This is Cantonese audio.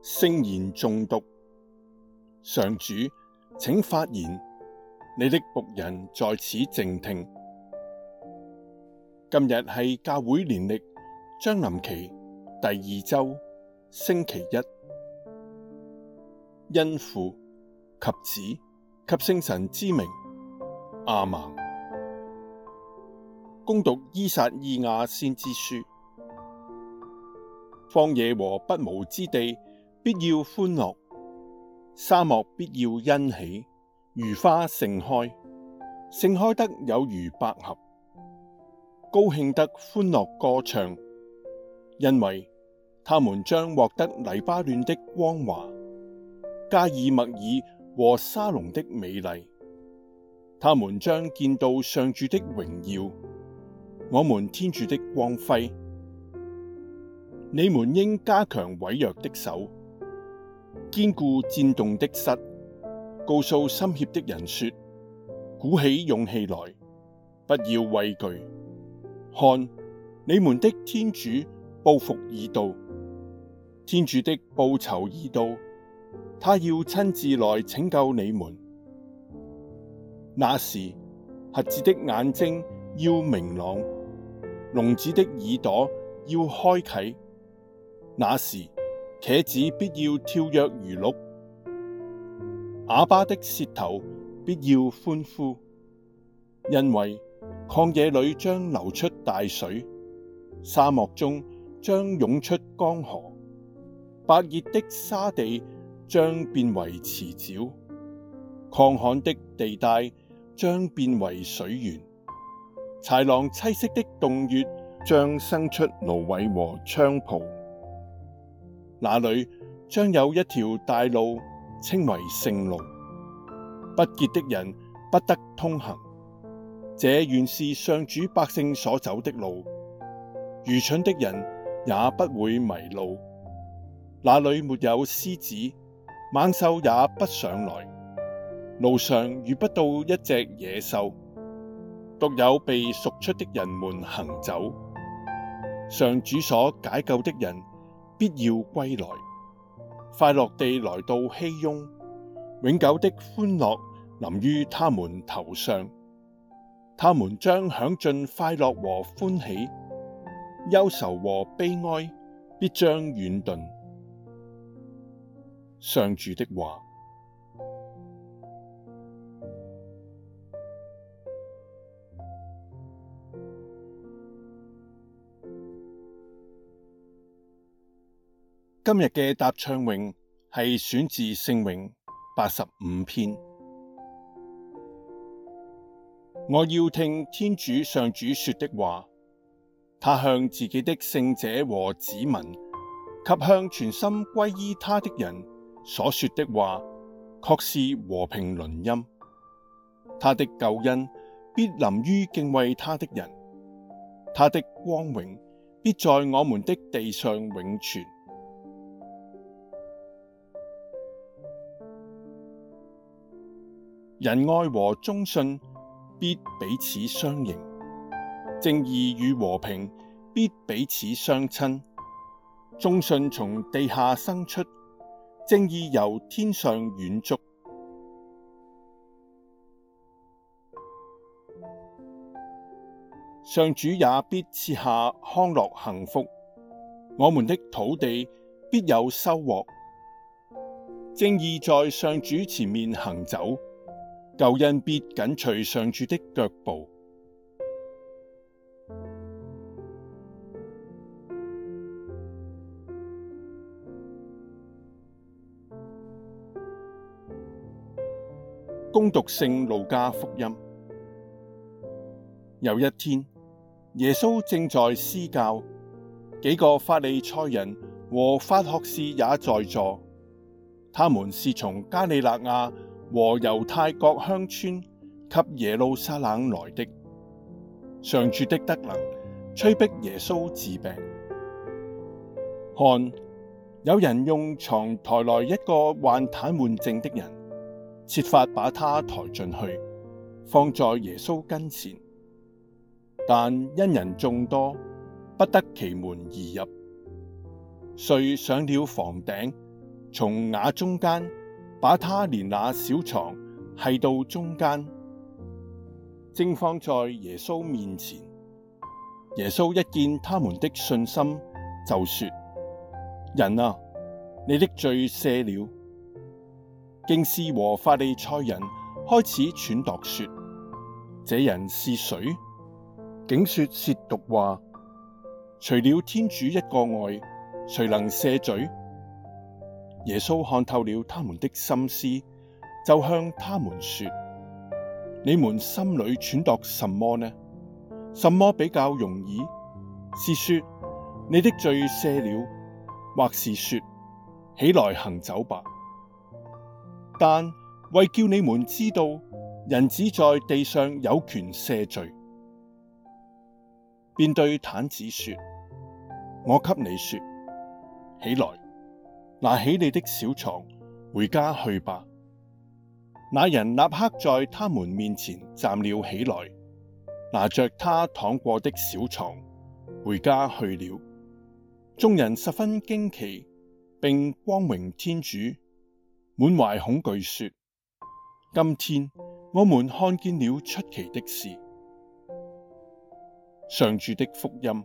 聖言誦讀，上主，請發言，你的僕人在此靜聽。今日係教會年曆將臨期第二周，星期一。因父及子及聖神之名亞孟。恭讀依撒意亞先知書。荒野和不毛之地必要歡樂，沙漠必要欣喜，如花盛開，盛開得有如百合，高興得歡樂歌唱，因為他們將獲得黎巴嫩的光華。加爾默耳和沙龍的美麗，他們將見到上主的榮耀，我們天主的光輝。你們應加強痿弱的手，堅固顫動的膝，告訴心怯的人說：鼓起勇氣來，不要畏懼。看，你們的天主報復已到，天主的報酬已到。他要親自來拯救你們。那時瞎子的眼睛要明朗，聾子的耳朵要開啓。那時瘸子必要跳躍如鹿，啞巴的舌頭必要歡呼，因爲曠野裏將流出大水，沙漠中將湧出江河，白熱的沙地。將變為池沼，亢旱的地帶將變為水源，豺狼棲息的洞穴將生出蘆葦和菖蒲。那裏將有一條大路，稱為聖路，不潔的人不得通行。這原是上主百姓所走的路，愚蠢的人也不會迷路。那裏沒有獅子。猛獸也不上來，路上遇不到一隻野獸，獨有被贖出的人們行走。上主所解救的人必要歸來，快樂地來到熙雍，永久的歡樂臨於他們頭上，他們將享盡快樂和歡喜，憂愁和悲哀必將遠遁。上主的話，今日嘅答唱詠係選自聖詠八十五篇。我要聽天主上主說的話，他向自己的聖者和子民及向全心皈依他的人。所說的話，確是和平綸音。他的救恩必臨於敬畏他的人，他的光榮必在我們的地上永存。仁愛和忠信必彼此相迎，正義與和平必彼此相親。忠信從地下生出。正義由天上遠矚，上主也必賜下康樂幸福。我們的土地必有收穫，正義在上主前面行走，救恩必緊隨上主的腳步。恭讀聖路加福音。有一天，耶穌正在施教，幾個法利賽人和法學士也在座。他們是從加里肋亞和猶太各鄉村及耶路撒冷來的，上主的德能催迫耶穌治病。看，有人用床抬來一個患癱瘓症的人。設法把他抬進去，放在耶穌跟前，但因人眾多，不得其門而入，遂上了房頂，從瓦中間把他連那小床繫到中間，正放在耶穌面前。耶穌一見他們的信心，就說：人啊，你的罪赦了。竟經師和法利賽人開始忖度說：這人是誰？竟說褻瀆話。除了天主一個外，誰能赦罪？耶穌看透了他們的心思，就向他們說：你們心裏忖度什麼呢？什麼比較容易？是說你的罪赦了，或是說起來行走吧？但為叫你們知道，人子在地上有權赦罪，便對癱子說：我給你說起來，拿起你的小床，回家去吧。那人立刻在他們面前站了起來，拿着他躺過的小床回家去了。眾人十分驚奇，並光榮天主。滿懷恐懼說：今天我們看見了出奇的事。上主的福音。